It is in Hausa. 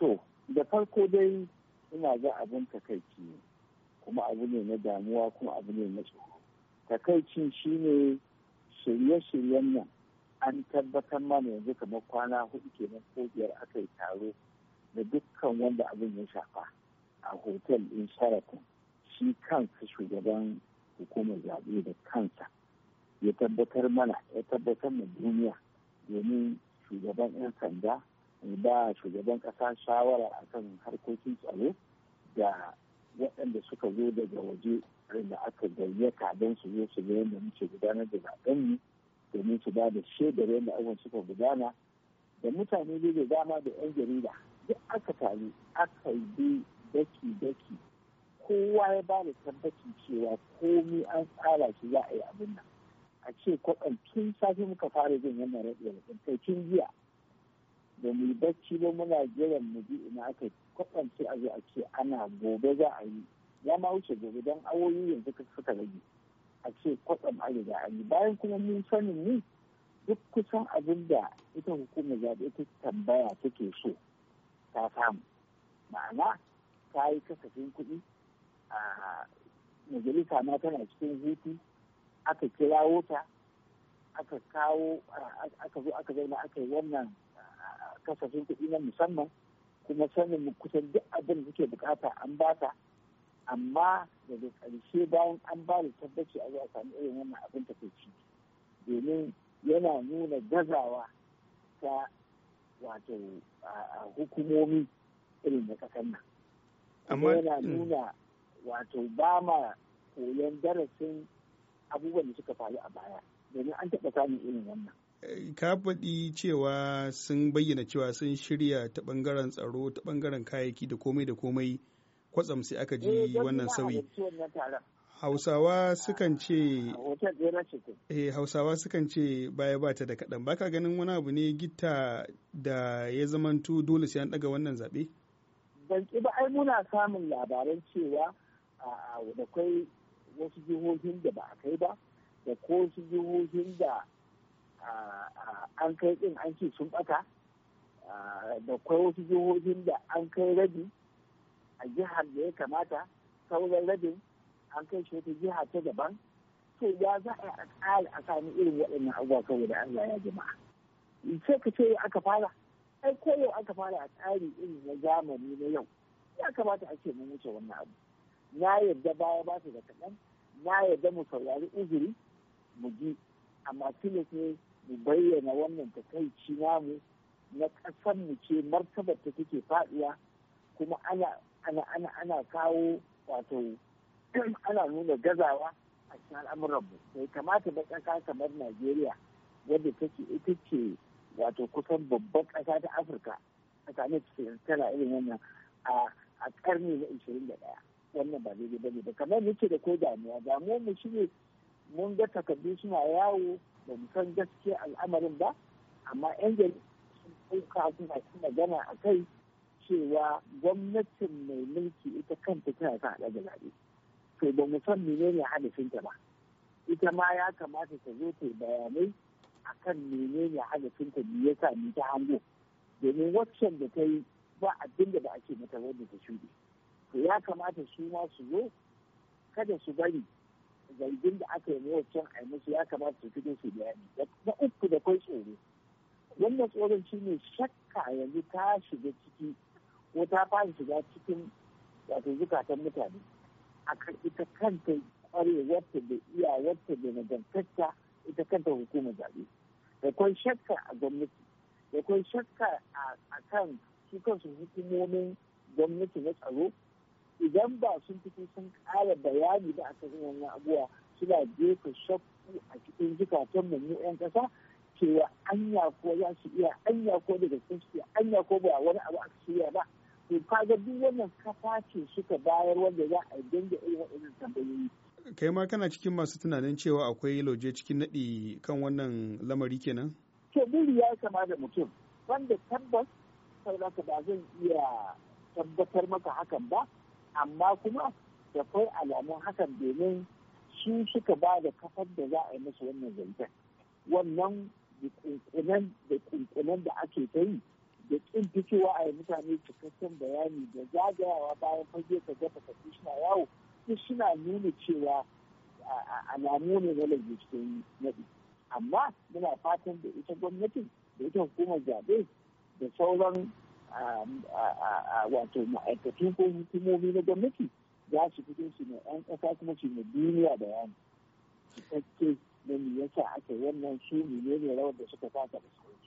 To, da farko dai ina ga abin takaici ne, kuma abu ne na damuwa kuma abu ne na tsoro. Takaicin shi ne shirye-shiryen nan an tabbatar mana yanzu kamar kwana hudu kenan ko biyar aka yi taro da dukkan wanda abin ya shafa a hotel ɗin sharaton shi kansa shugaban hukumar zaɓe da kansa ya tabbatar mana ya tabbatar ma duniya domin shugaban 'yan sanda ba shugaban kasa shawara akan harkokin tsaro da waɗanda suka zo daga waje da aka gayyata don su zo su ga yadda muke gudanar da zaɓenmu domin su ba da shaidar yadda abin suka gudana da mutane dai da dama da 'yan jarida duk aka taru aka yi daki-daki kowa ya ba da tabbaci cewa komi an tsara shi za a yi abin nan a ce kwakwam tun safe muka fara jin wannan raɗe da kai tun jiya ba mu yi bacci ba muna jiran mu bi ina aka kwatance a zo a ce ana gobe za a yi ya ma wuce gobe don awoyi yanzu ka suka rage a ce kwatsam a riga a yi bayan kuma mun sanin mu duk kusan abin da ita hukumar zaɓe ta tambaya take so ta samu ma'ana ta yi kasafin kuɗi a majalisa ma tana cikin hutu aka kirawo ta aka kawo aka zo aka zauna aka yi wannan kasafin kuɗi na musamman kuma sanin kusan duk abin da suke bukata an ta amma daga ƙarshe bayan an ba da tabbaci a zuwa sami irin wannan abin ta ci domin yana nuna gazawa ta wato hukumomi irin na ƙasar nan amma yana mm. nuna wato ba ma koyon darasin abubuwan da suka faru a baya domin an taɓa samun irin wannan ka faɗi cewa sun bayyana cewa sun shirya ta ɓangaren tsaro ta ɓangaren kayayyaki da komai da komai kwatsam sai aka ji eh, wannan sauyi hausawa sukan ce eh, hausawa sukan ce baya ba ta da kaɗan baka ganin wani abu ne gita da ya zamanto dole sai an ɗaga wannan zaɓe ban ki ba ai muna samun labaran cewa da kai wasu jihohin da ba a kai ba da ko su jihohin da an kai ɗin an ce sun ɓata da kwai wasu jihohin da an kai rabi a jihar da ya kamata sauran rabin an kai shi wata jiha ta daban to ya za a tsari a sami irin waɗannan abubuwa saboda Allah ya jama'a sai ka ce aka fara ai ko yau aka fara a tsari irin na zamani na yau ya kamata a ce mun wuce wannan abu na yarda baya ba su da kaɗan na yarda mu saurari uzuri mu ji amma tilas ne mu bayyana wannan takaici namu na ƙasar mu ce martabar ta take faɗiya kuma ana ana ana ana kawo wato ana nuna gazawa a cikin al'amuran mu bai kamata ba ƙasa kamar Najeriya wadda take ita ce wato kusan babban ƙasa ta Afirka a sami tana irin wannan a ƙarni na 21 wannan ba daidai bane ba kamar muke da ko damuwa damuwar mu shine mun ga takardu suna yawo ba mu san gaske al'amarin ba amma 'yan jarida sun ɗauka suna ta magana a kai cewa gwamnatin mai mulki ita kanta tana ta haɗa da zaɓe to ba mu san menene hadafinta ba ita ma ya kamata ta zo ta bayanai a akan menene hadafinta da ya ni ta hango domin waccan da ta yi ba abinda da ba ake mata wanda ta shuɗe to ya kamata su ma su zo kada su bari zargin da aka yi can a musu ya kamata su fito su bayani na uku da kwai tsoro wannan tsoron shi ne shakka yanzu ta shiga ciki ko ta fara shiga cikin wato zukatan mutane a kan ita kanta ta da ta da nagartarta ita kanta hukumar zaɓe da kwai shakka a gwamnati da kwai shakka a kan su kansu hukumomin gwamnati na tsaro idan ba sun fito sun kara bayani ba a cikin wannan abuwa suna jefa shakku a cikin zukatan mu mu 'yan ƙasa cewa anya ko za su iya anya ko daga gaske anya ko ba wani abu a shirya ba to kaga duk wannan kafa ce suka bayar wanda za a danga irin waɗannan tambayoyi kai ma kana cikin masu tunanin cewa akwai lauje cikin naɗi kan wannan lamari kenan ke buri ya kama da mutum wanda tabbas saboda ba zan iya tabbatar maka hakan ba amma kuma da kai alamun hakan domin shi suka ba da kafar da za a yi musu wannan zancen wannan kunkunan da kunkunan da ake ta yi da kin fitowa a yi mutane cikakken bayani da zagayawa bayan fage ka gafa ka suna yawo su suna nuna cewa alamu ne na lalle cikin nadi amma muna fatan da ita gwamnatin da ita hukumar zaɓe da sauran wato ma'aikatu ko hukumomi na gwamnati za su fito su ne 'yan ƙasa kuma su ne duniya bayani cikakke na me yasa aka wannan su ne ne rawar da suka taka da su.